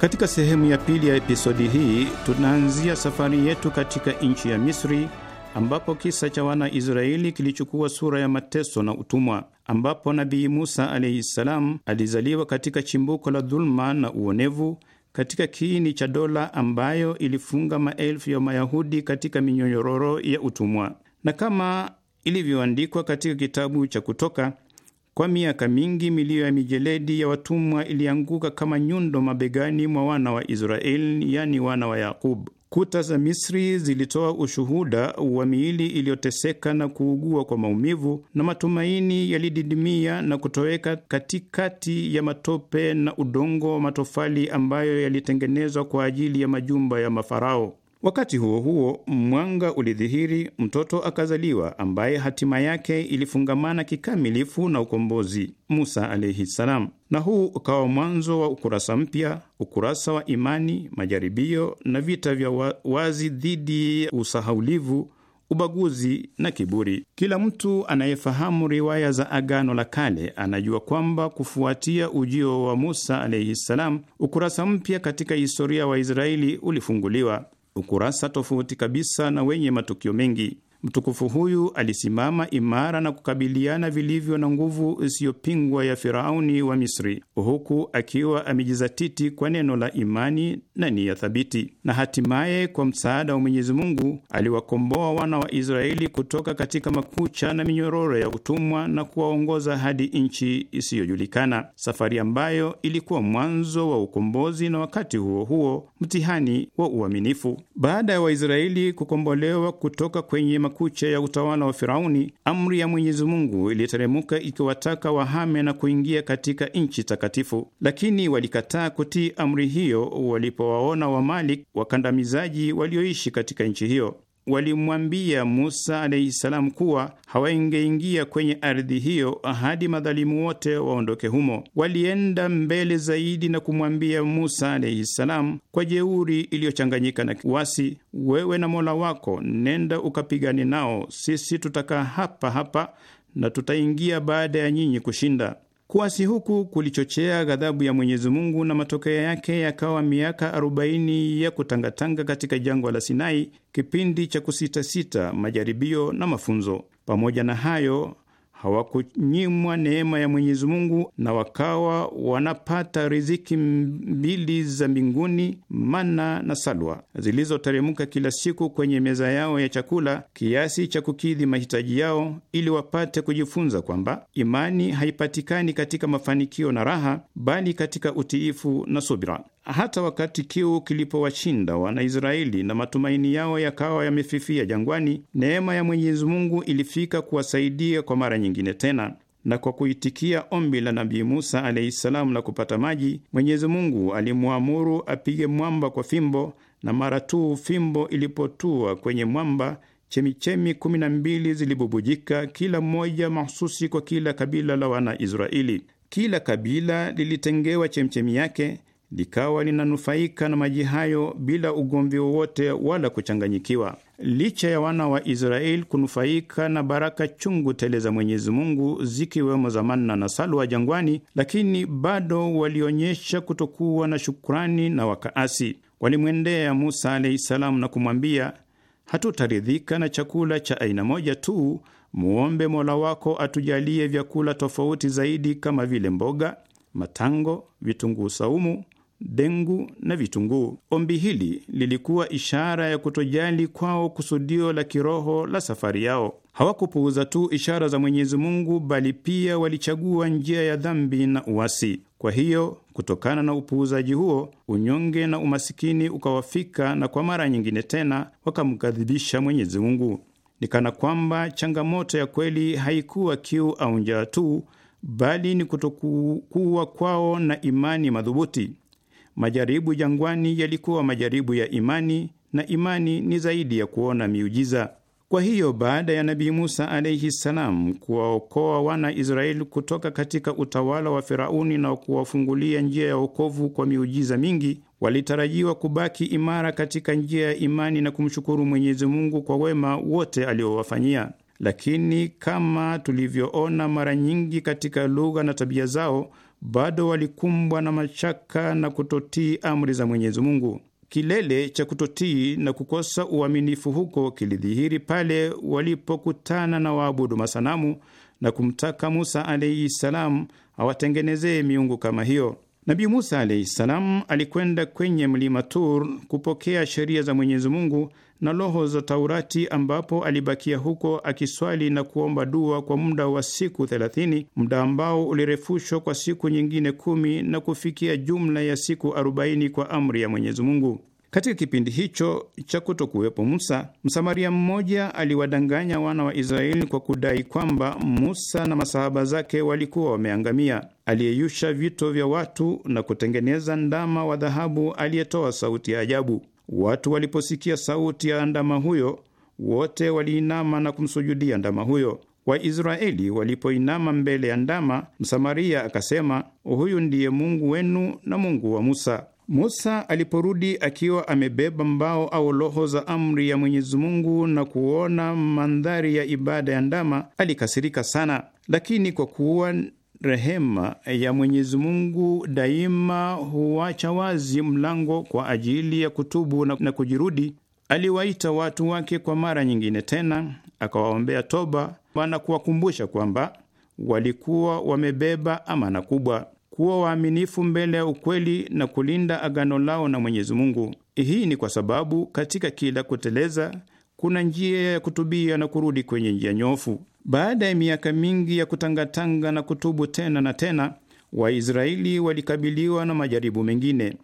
Katika sehemu ya pili ya episodi hii tunaanzia safari yetu katika nchi ya Misri ambapo kisa cha wana Israeli kilichukua sura ya mateso na utumwa, ambapo Nabii Musa alaihi ssalam alizaliwa katika chimbuko la dhuluma na uonevu, katika kiini cha dola ambayo ilifunga maelfu ya Mayahudi katika minyonyororo ya utumwa, na kama ilivyoandikwa katika kitabu cha Kutoka, kwa miaka mingi milio ya mijeledi ya watumwa ilianguka kama nyundo mabegani mwa wana wa Israeli, yani wana wa Yakub. Kuta za Misri zilitoa ushuhuda wa miili iliyoteseka na kuugua kwa maumivu, na matumaini yalididimia na kutoweka katikati ya matope na udongo wa matofali ambayo yalitengenezwa kwa ajili ya majumba ya mafarao. Wakati huo huo, mwanga ulidhihiri, mtoto akazaliwa ambaye hatima yake ilifungamana kikamilifu na ukombozi Musa alaihi salam, na huu ukawa mwanzo wa ukurasa mpya, ukurasa wa imani, majaribio na vita vya wazi dhidi ya usahaulivu, ubaguzi na kiburi. Kila mtu anayefahamu riwaya za Agano la Kale anajua kwamba kufuatia ujio wa Musa alaihi salam, ukurasa mpya katika historia wa Waisraeli ulifunguliwa ukurasa tofauti kabisa na wenye matukio mengi. Mtukufu huyu alisimama imara na kukabiliana vilivyo na nguvu isiyopingwa ya Firauni wa Misri, huku akiwa amejizatiti kwa neno la imani na nia thabiti, na hatimaye kwa msaada wa Mwenyezi Mungu aliwakomboa wana wa Israeli kutoka katika makucha na minyororo ya utumwa na kuwaongoza hadi nchi isiyojulikana, safari ambayo ilikuwa mwanzo wa ukombozi na wakati huo huo mtihani wa uaminifu. Baada ya wa Waisraeli kukombolewa kutoka kwenye makucha ya utawala wa Firauni, amri ya Mwenyezi Mungu iliyoteremka ikiwataka wahame na kuingia katika nchi takatifu, lakini walikataa kutii amri hiyo walipowaona Wamalik wakandamizaji walioishi katika nchi hiyo walimwambia Musa alaihi salam kuwa hawaingeingia kwenye ardhi hiyo hadi madhalimu wote waondoke humo. Walienda mbele zaidi na kumwambia Musa alaihi salam kwa jeuri iliyochanganyika na wasi, wewe na Mola wako nenda ukapigane nao, sisi tutakaa hapa hapa na tutaingia baada ya nyinyi kushinda. Kuasi huku kulichochea ghadhabu ya Mwenyezi Mungu na matokeo yake yakawa miaka 40 ya kutangatanga katika jangwa la Sinai, kipindi cha kusitasita, majaribio na mafunzo. Pamoja na hayo, hawakunyimwa neema ya Mwenyezi Mungu na wakawa wanapata riziki mbili za mbinguni, mana na salwa zilizoteremka kila siku kwenye meza yao ya chakula, kiasi cha kukidhi mahitaji yao, ili wapate kujifunza kwamba imani haipatikani katika mafanikio na raha, bali katika utiifu na subira hata wakati kiu kilipowashinda Wanaisraeli na matumaini yao yakawa yamefifia jangwani, neema ya Mwenyezi Mungu ilifika kuwasaidia kwa mara nyingine tena na kwa kuitikia ombi la Nabii Musa alayhi salamu la kupata maji, Mwenyezi Mungu alimwamuru apige mwamba kwa fimbo, na mara tu fimbo ilipotua kwenye mwamba, chemichemi kumi na mbili zilibubujika, kila mmoja mahususi kwa kila kabila la Wanaisraeli. Kila kabila lilitengewa chemchemi yake likawa linanufaika na maji hayo bila ugomvi wowote wala kuchanganyikiwa. Licha ya wana wa Israeli kunufaika na baraka chungu tele za Mwenyezi Mungu zikiwemo za manna na salwa jangwani, lakini bado walionyesha kutokuwa na shukrani na wakaasi. Walimwendea Musa alahi salamu na kumwambia, hatutaridhika na chakula cha aina moja tu, muombe Mola wako atujalie vyakula tofauti zaidi kama vile mboga, matango, vitunguu saumu dengu na vitunguu. Ombi hili lilikuwa ishara ya kutojali kwao kusudio la kiroho la safari yao. Hawakupuuza tu ishara za Mwenyezi Mungu, bali pia walichagua njia ya dhambi na uasi. Kwa hiyo, kutokana na upuuzaji huo, unyonge na umasikini ukawafika, na kwa mara nyingine tena wakamghadhibisha Mwenyezi Mungu. Ni kana kwamba changamoto ya kweli haikuwa kiu au njaa tu, bali ni kutokuwa kwao na imani madhubuti. Majaribu jangwani yalikuwa majaribu ya imani, na imani ni zaidi ya kuona miujiza. Kwa hiyo baada ya Nabii Musa alaihi salam kuwaokoa wana Israeli kutoka katika utawala wa Firauni na kuwafungulia njia ya wokovu kwa miujiza mingi, walitarajiwa kubaki imara katika njia ya imani na kumshukuru Mwenyezi Mungu kwa wema wote aliowafanyia. Lakini kama tulivyoona mara nyingi katika lugha na tabia zao bado walikumbwa na mashaka na kutotii amri za Mwenyezi Mungu. Kilele cha kutotii na kukosa uaminifu huko kilidhihiri pale walipokutana na waabudu masanamu na kumtaka Musa alaihi salam awatengenezee miungu kama hiyo. Nabii Musa alaihi salam alikwenda kwenye mlima Tur kupokea sheria za Mwenyezi Mungu na roho za Taurati, ambapo alibakia huko akiswali na kuomba dua kwa muda wa siku thelathini, muda ambao ulirefushwa kwa siku nyingine kumi na kufikia jumla ya siku arobaini kwa amri ya Mwenyezi Mungu. Katika kipindi hicho cha kutokuwepo Musa, Msamaria mmoja aliwadanganya wana wa Israeli kwa kudai kwamba Musa na masahaba zake walikuwa wameangamia. Aliyeyusha vito vya watu na kutengeneza ndama wa dhahabu aliyetoa sauti ya ajabu. Watu waliposikia sauti ya ndama huyo wote waliinama na kumsujudia ndama huyo. Waisraeli walipoinama mbele ya ndama, Msamaria akasema, huyu ndiye Mungu wenu na Mungu wa Musa. Musa aliporudi akiwa amebeba mbao au roho za amri ya Mwenyezi Mungu na kuona mandhari ya ibada ya ndama, alikasirika sana, lakini kwa kuwa Rehema ya Mwenyezi Mungu daima huacha wazi mlango kwa ajili ya kutubu na, na kujirudi. Aliwaita watu wake kwa mara nyingine tena akawaombea toba na kuwakumbusha kwamba walikuwa wamebeba amana kubwa, kuwa waaminifu mbele ya ukweli na kulinda agano lao na Mwenyezi Mungu. Hii ni kwa sababu katika kila kuteleza kuna njia ya kutubia na kurudi kwenye njia nyofu. Baada ya miaka mingi ya kutangatanga na kutubu tena na tena, Waisraeli walikabiliwa na majaribu mengine.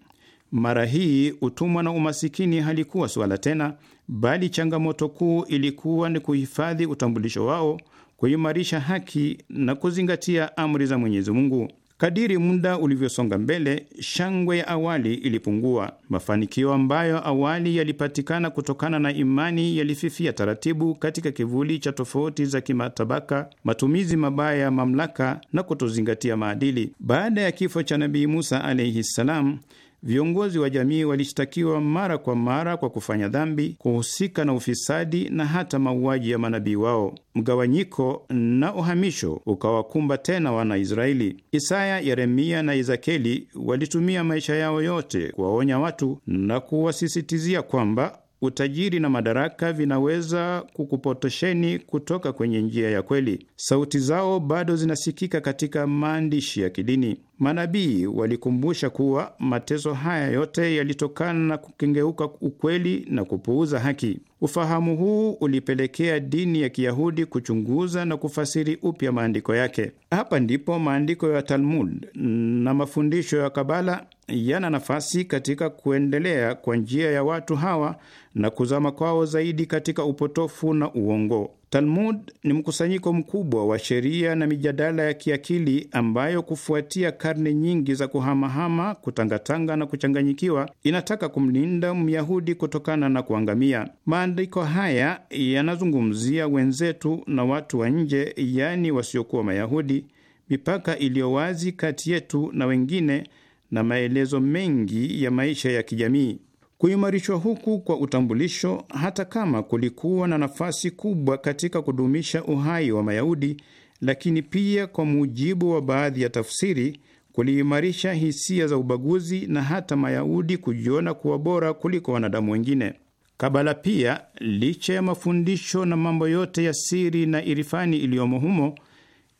Mara hii utumwa na umasikini halikuwa suala tena, bali changamoto kuu ilikuwa ni kuhifadhi utambulisho wao, kuimarisha haki na kuzingatia amri za Mwenyezi Mungu. Kadiri muda ulivyosonga mbele, shangwe ya awali ilipungua. Mafanikio ambayo awali yalipatikana kutokana na imani yalififia taratibu katika kivuli cha tofauti za kimatabaka, matumizi mabaya ya mamlaka na kutozingatia maadili. Baada ya kifo cha Nabii Musa alaihi ssalam, Viongozi wa jamii walishtakiwa mara kwa mara kwa kufanya dhambi, kuhusika na ufisadi na hata mauaji ya manabii wao. Mgawanyiko na uhamisho ukawakumba tena Wanaisraeli. Isaya, Yeremia na Izakeli walitumia maisha yao yote kuwaonya watu na kuwasisitizia kwamba utajiri na madaraka vinaweza kukupotosheni kutoka kwenye njia ya kweli. Sauti zao bado zinasikika katika maandishi ya kidini. Manabii walikumbusha kuwa mateso haya yote yalitokana na kukengeuka ukweli na kupuuza haki. Ufahamu huu ulipelekea dini ya Kiyahudi kuchunguza na kufasiri upya maandiko yake. Hapa ndipo maandiko ya Talmud na mafundisho ya Kabala yana nafasi katika kuendelea kwa njia ya watu hawa na kuzama kwao zaidi katika upotofu na uongo. Talmud ni mkusanyiko mkubwa wa sheria na mijadala ya kiakili ambayo kufuatia karne nyingi za kuhamahama, kutangatanga na kuchanganyikiwa, inataka kumlinda Myahudi kutokana na kuangamia. Maandiko haya yanazungumzia wenzetu na watu wa nje, yaani wasiokuwa Mayahudi, mipaka iliyo wazi kati yetu na wengine, na maelezo mengi ya maisha ya kijamii. Kuimarishwa huku kwa utambulisho, hata kama kulikuwa na nafasi kubwa katika kudumisha uhai wa Mayahudi, lakini pia kwa mujibu wa baadhi ya tafsiri kuliimarisha hisia za ubaguzi na hata Mayahudi kujiona kuwa bora kuliko wanadamu wengine. Kabala pia, licha ya mafundisho na mambo yote ya siri na irifani iliyomo humo,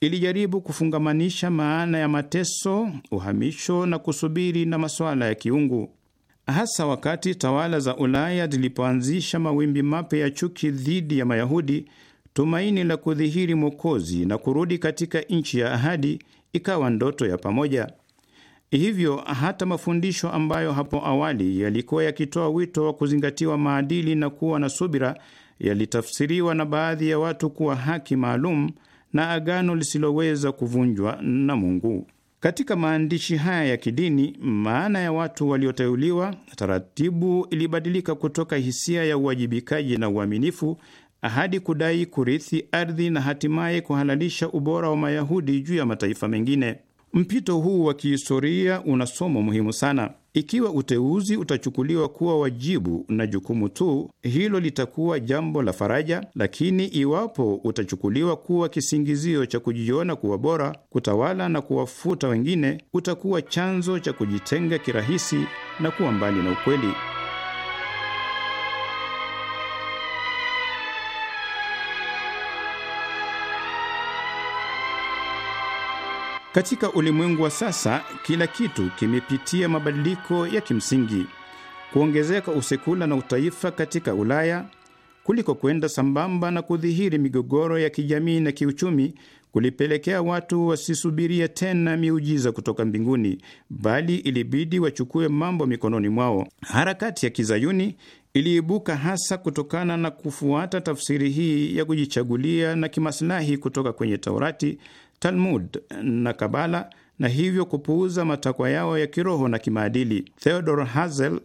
ilijaribu kufungamanisha maana ya mateso, uhamisho na kusubiri na masuala ya kiungu hasa wakati tawala za Ulaya zilipoanzisha mawimbi mapya ya chuki dhidi ya Mayahudi. Tumaini la kudhihiri Mwokozi na kurudi katika nchi ya ahadi ikawa ndoto ya pamoja. Hivyo hata mafundisho ambayo hapo awali yalikuwa yakitoa wito wa kuzingatiwa maadili na kuwa na subira yalitafsiriwa na baadhi ya watu kuwa haki maalum na agano lisiloweza kuvunjwa na Mungu. Katika maandishi haya ya kidini, maana ya watu walioteuliwa taratibu ilibadilika kutoka hisia ya uwajibikaji na uaminifu hadi kudai kurithi ardhi na hatimaye kuhalalisha ubora wa Mayahudi juu ya mataifa mengine. Mpito huu wa kihistoria una somo muhimu sana. Ikiwa uteuzi utachukuliwa kuwa wajibu na jukumu tu, hilo litakuwa jambo la faraja, lakini iwapo utachukuliwa kuwa kisingizio cha kujiona kuwa bora, kutawala na kuwafuta wengine, utakuwa chanzo cha kujitenga kirahisi na kuwa mbali na ukweli. Katika ulimwengu wa sasa, kila kitu kimepitia mabadiliko ya kimsingi. Kuongezeka usekula na utaifa katika Ulaya kuliko kwenda sambamba na kudhihiri migogoro ya kijamii na kiuchumi kulipelekea watu wasisubiria tena miujiza kutoka mbinguni, bali ilibidi wachukue mambo mikononi mwao. Harakati ya kizayuni iliibuka hasa kutokana na kufuata tafsiri hii ya kujichagulia na kimasilahi kutoka kwenye Taurati Talmud na Kabala na hivyo kupuuza matakwa yao ya kiroho na kimaadili. Theodor hazel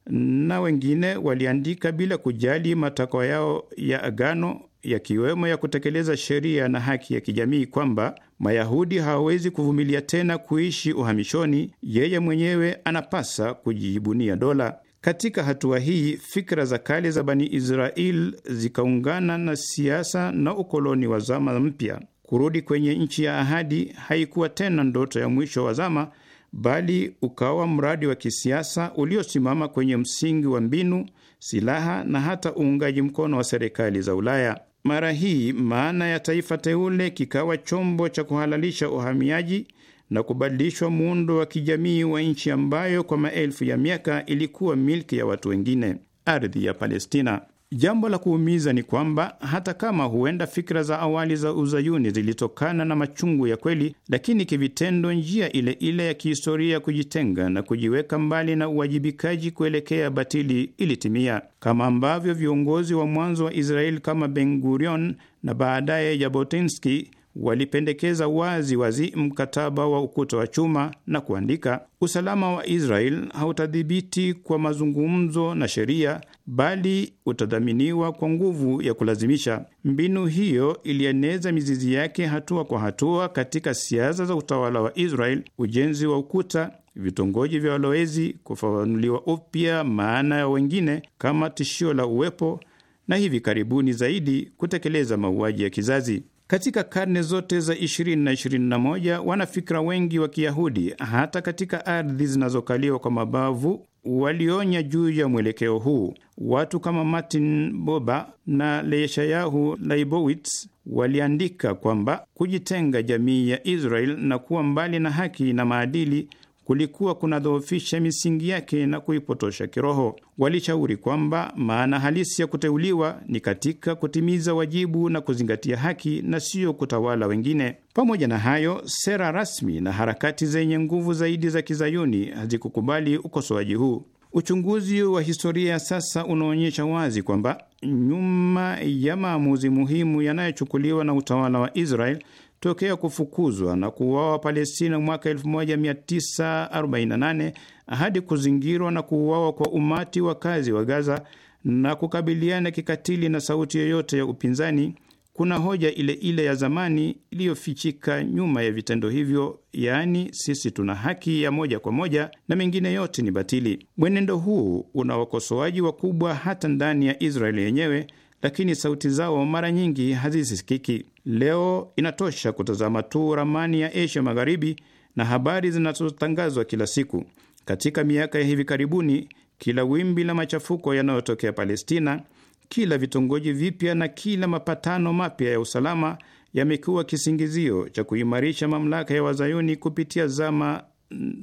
na wengine waliandika bila kujali matakwa yao ya agano, yakiwemo ya kutekeleza sheria na haki ya kijamii, kwamba Mayahudi hawawezi kuvumilia tena kuishi uhamishoni, yeye mwenyewe anapasa kujibunia dola. Katika hatua hii fikra za kale za Bani Israel zikaungana na siasa na ukoloni wa zama mpya. Kurudi kwenye nchi ya ahadi haikuwa tena ndoto ya mwisho wa zama, bali ukawa mradi wa kisiasa uliosimama kwenye msingi wa mbinu, silaha na hata uungaji mkono wa serikali za Ulaya. Mara hii maana ya taifa teule kikawa chombo cha kuhalalisha uhamiaji na kubadilishwa muundo wa kijamii wa nchi ambayo kwa maelfu ya miaka ilikuwa milki ya watu wengine, ardhi ya Palestina. Jambo la kuumiza ni kwamba hata kama huenda fikra za awali za uzayuni zilitokana na machungu ya kweli, lakini kivitendo, njia ile ile ya kihistoria ya kujitenga na kujiweka mbali na uwajibikaji kuelekea batili ilitimia, kama ambavyo viongozi wa mwanzo wa Israeli kama Ben Gurion na baadaye Jabotinsky walipendekeza wazi wazi mkataba wa ukuta wa chuma na kuandika, usalama wa Israel hautadhibiti kwa mazungumzo na sheria, bali utadhaminiwa kwa nguvu ya kulazimisha. Mbinu hiyo ilieneza mizizi yake hatua kwa hatua katika siasa za utawala wa Israel: ujenzi wa ukuta, vitongoji vya walowezi, kufafanuliwa upya maana ya wengine kama tishio la uwepo, na hivi karibuni zaidi kutekeleza mauaji ya kizazi. Katika karne zote za 20 na 21, wanafikra wengi wa Kiyahudi, hata katika ardhi zinazokaliwa kwa mabavu, walionya juu ya mwelekeo huu. Watu kama Martin Buber na leyeshayahu Leibowitz waliandika kwamba kujitenga jamii ya Israel na kuwa mbali na haki na maadili kulikuwa kunadhoofisha misingi yake na kuipotosha kiroho. Walishauri kwamba maana halisi ya kuteuliwa ni katika kutimiza wajibu na kuzingatia haki na siyo kutawala wengine. Pamoja na hayo, sera rasmi na harakati zenye nguvu zaidi za kizayuni hazikukubali ukosoaji huu. Uchunguzi wa historia sasa unaonyesha wazi kwamba nyuma ya maamuzi muhimu yanayochukuliwa na utawala wa Israel tokea kufukuzwa na kuuawa Palestina mwaka 1948 hadi kuzingirwa na kuuawa kwa umati wakazi wa Gaza na kukabiliana kikatili na sauti yoyote ya upinzani, kuna hoja ile ile ya zamani iliyofichika nyuma ya vitendo hivyo, yaani sisi tuna haki ya moja kwa moja na mengine yote ni batili. Mwenendo huu una wakosoaji wakubwa hata ndani ya Israeli yenyewe lakini sauti zao mara nyingi hazisikiki. Leo inatosha kutazama tu ramani ya Asia Magharibi na habari zinazotangazwa kila siku. Katika miaka ya hivi karibuni, kila wimbi la machafuko yanayotokea Palestina, kila vitongoji vipya na kila mapatano mapya ya usalama yamekuwa kisingizio cha kuimarisha mamlaka ya Wazayuni kupitia zama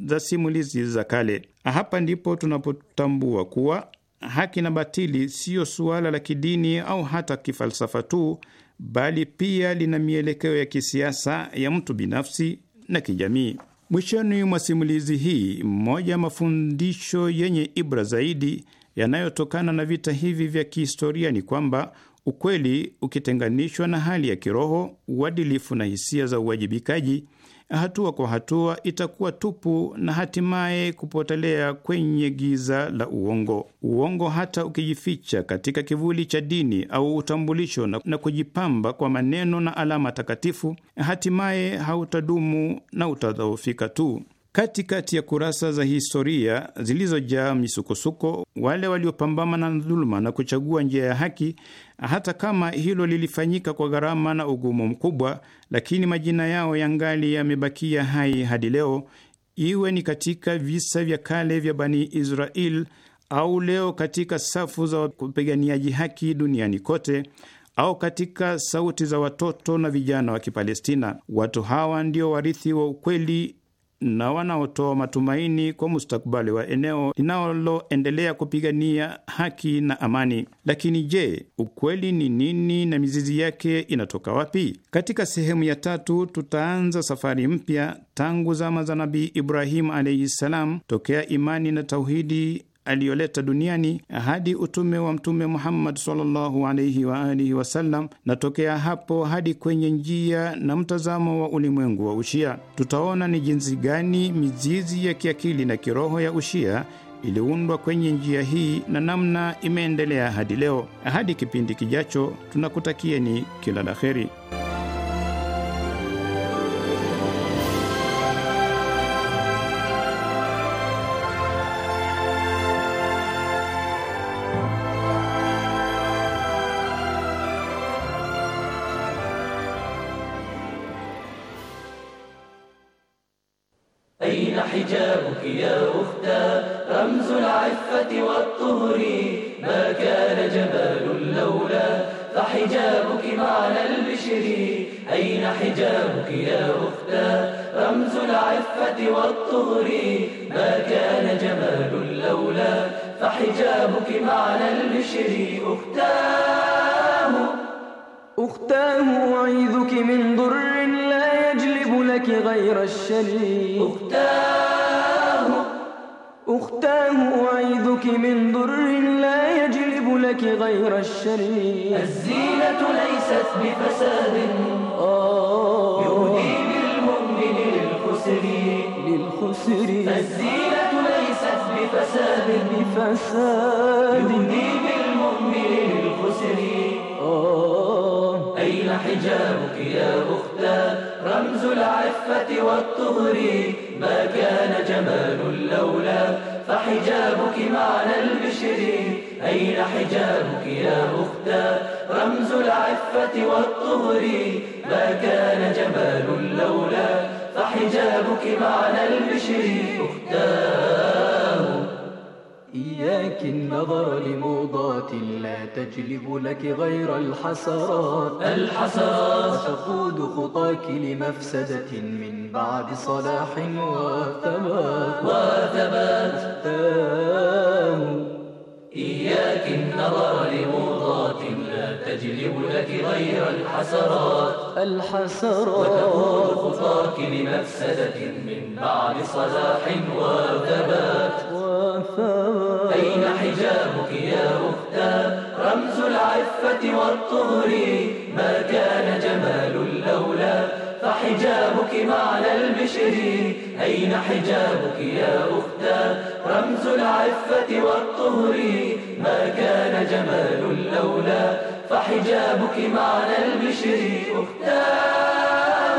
za simulizi za kale. Hapa ndipo tunapotambua kuwa haki na batili siyo suala la kidini au hata kifalsafa tu, bali pia lina mielekeo ya kisiasa ya mtu binafsi na kijamii. Mwishoni mwa simulizi hii, mmoja ya mafundisho yenye ibra zaidi yanayotokana na vita hivi vya kihistoria ni kwamba ukweli ukitenganishwa na hali ya kiroho, uadilifu na hisia za uwajibikaji hatua kwa hatua itakuwa tupu na hatimaye kupotelea kwenye giza la uongo. Uongo hata ukijificha katika kivuli cha dini au utambulisho na, na kujipamba kwa maneno na alama takatifu, hatimaye hautadumu na utadhoofika tu. Katikati ya kurasa za historia zilizojaa misukosuko, wale waliopambana na dhuluma na kuchagua njia ya haki, hata kama hilo lilifanyika kwa gharama na ugumu mkubwa, lakini majina yao yangali yamebakia hai hadi leo, iwe ni katika visa vya kale vya Bani Israel au leo katika safu za wapiganiaji haki duniani kote au katika sauti za watoto na vijana wa Kipalestina. Watu hawa ndio warithi wa ukweli na wanaotoa matumaini kwa mustakbali wa eneo linaloendelea kupigania haki na amani. Lakini je, ukweli ni nini na mizizi yake inatoka wapi? Katika sehemu ya tatu tutaanza safari mpya tangu zama za Nabii Ibrahimu alaihi ssalam, tokea imani na tauhidi aliyoleta duniani hadi utume wa Mtume Muhammad sallallahu alaihi wa alihi wasallam, na tokea hapo hadi kwenye njia na mtazamo wa ulimwengu wa Ushia, tutaona ni jinsi gani mizizi ya kiakili na kiroho ya Ushia iliundwa kwenye njia hii na namna imeendelea hadi leo. Hadi kipindi kijacho, tunakutakieni kila la heri. الطهر ما كان جمال لولا فحجابك معنى البشر أين حجابك يا أختا رمز العفة والطهر ما كان جمال لولا فحجابك معنى البشر أختا إياك النظر لموضات لا تجلب لك غير الحسرات الحسرات تقود خطاك لمفسدة من بعد صلاح وثبات وثبات تام إياك النظر لموضات لا تجلب لك غير الحسرات الحسرات وتقود خطاك لمفسدة من بعد صلاح وثبات وثبات حجابك يا أختاه رمز العفة والطهر ما كان جمال لولا فحجابك معنى البشر أين حجابك يا أختاه رمز العفة والطهر ما كان جمال لولا فحجابك معنى البشر أختاه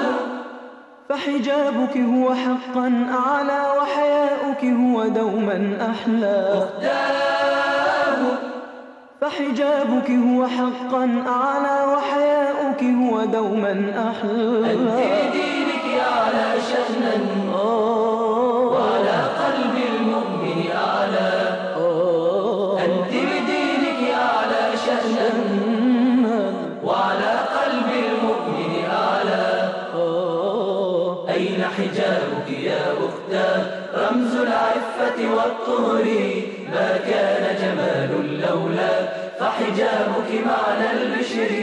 فحجابك هو حقا أعلى وحياؤك هو دوما أحلى أختاه فحجابك هو حقا أعلى وحياؤك هو دوما أحلى أنت دينك أعلى شأنا وعلى قلب المؤمن أعلى أنت بدينك أعلى شأنا وعلى قلب المؤمن أعلى أين حجابك يا أختاه رمز العفة والطهر ما كان جمال لولا حجابك معنى البشر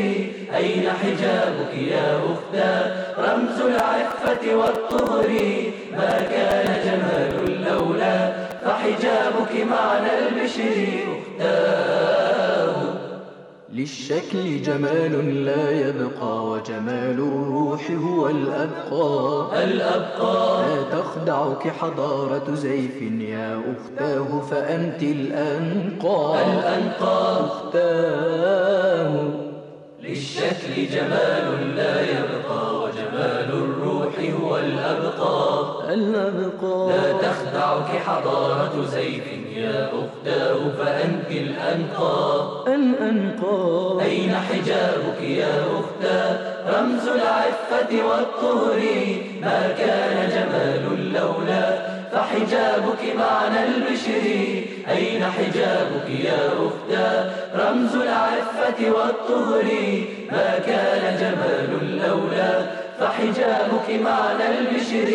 أين حجابك يا أختا رمز العفة والطهر ما كان جمال لولا فحجابك معنى البشر أختا للشكل جمال لا يبقى وجمال الروح هو الأبقى الأبقى لا تخدعك حضارة زيف يا أختاه فأنت الأنقى الأنقى أختاه للشكل جمال لا يبقى وجمال الروح هو الأبقى الأبقار لا تخدعك حضارة زيت يا أختاه فأنت الأنقى الأنقى أين حجابك يا أختاه رمز العفة والطهر ما كان جمال لولا فحجابك معنى البشر أين حجابك يا أختاه رمز العفة والطهر ما كان جمال لولا فحجابك معنى البشر